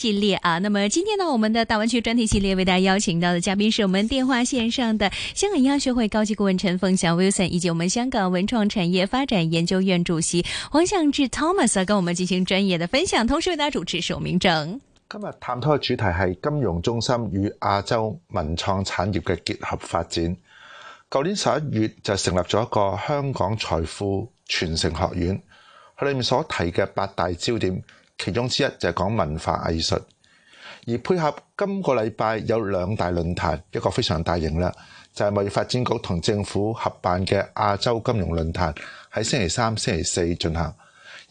系列啊，那麼今天呢，我們的大灣區專題系列為大家邀請到的嘉賓是我們電話線上的香港銀行學會高級顧問陳鳳翔 Wilson，以及我們香港文創產業發展研究院主席王象志 Thomas 跟我們進行專業的分享，同時為大家主持首名明。今日探討嘅主題係金融中心與亞洲文創產業嘅結合發展。舊年十一月就成立咗一個香港財富傳承學院，佢裏面所提嘅八大焦點。其中之一就係講文化藝術，而配合今個禮拜有兩大論壇，一個非常大型啦，就係貿易發展局同政府合辦嘅亞洲金融論壇，喺星期三、星期四進行；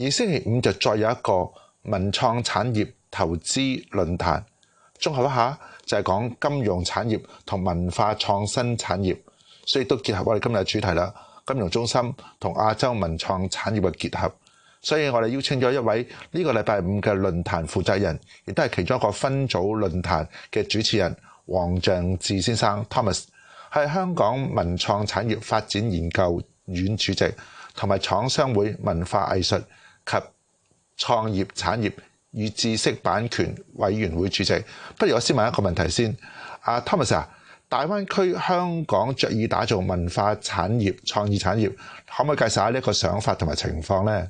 而星期五就再有一個文創產業投資論壇，綜合一下就係講金融產業同文化創新產業，所以都結合我哋今日嘅主題啦，金融中心同亞洲文創產業嘅結合。所以我哋邀請咗一位呢個禮拜五嘅論壇負責人，亦都係其中一個分組論壇嘅主持人王象志先生 Thomas，係香港文創產業發展研究院主席，同埋廠商會文化藝術及創業產業與知識版權委員會主席。不如我先問一個問題先，阿 Thomas 啊，Thomas，大灣區香港着意打造文化產業、創意產業，可唔可以介紹下呢個想法同埋情況呢？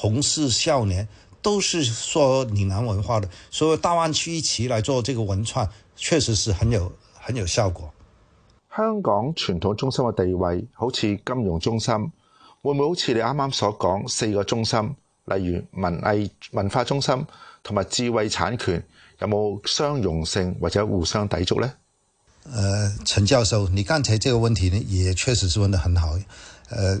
紅世少年都是說嶺南文化的，所以大灣區一齊來做這個文創，確實是很有很有效果。香港傳統中心嘅地位好似金融中心，會唔會好似你啱啱所講四個中心，例如文藝文化中心同埋智慧產權，有冇相容性或者互相抵觸呢？誒、呃，陳教授，你剛才這個問題呢，也確實是問得很好，呃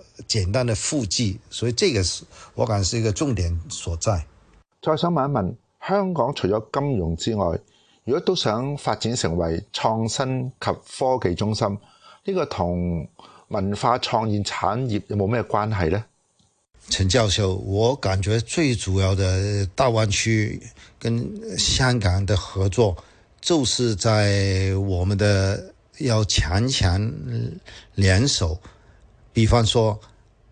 簡單的複製，所以這個是我覺得是一個重點所在。再想問一問，香港除咗金融之外，如果都想發展成為創新及科技中心，呢個同文化創意產業有冇咩關係呢？陳教授，我感覺最主要的大灣區跟香港的合作，就是在我們的要強強聯手，比方說。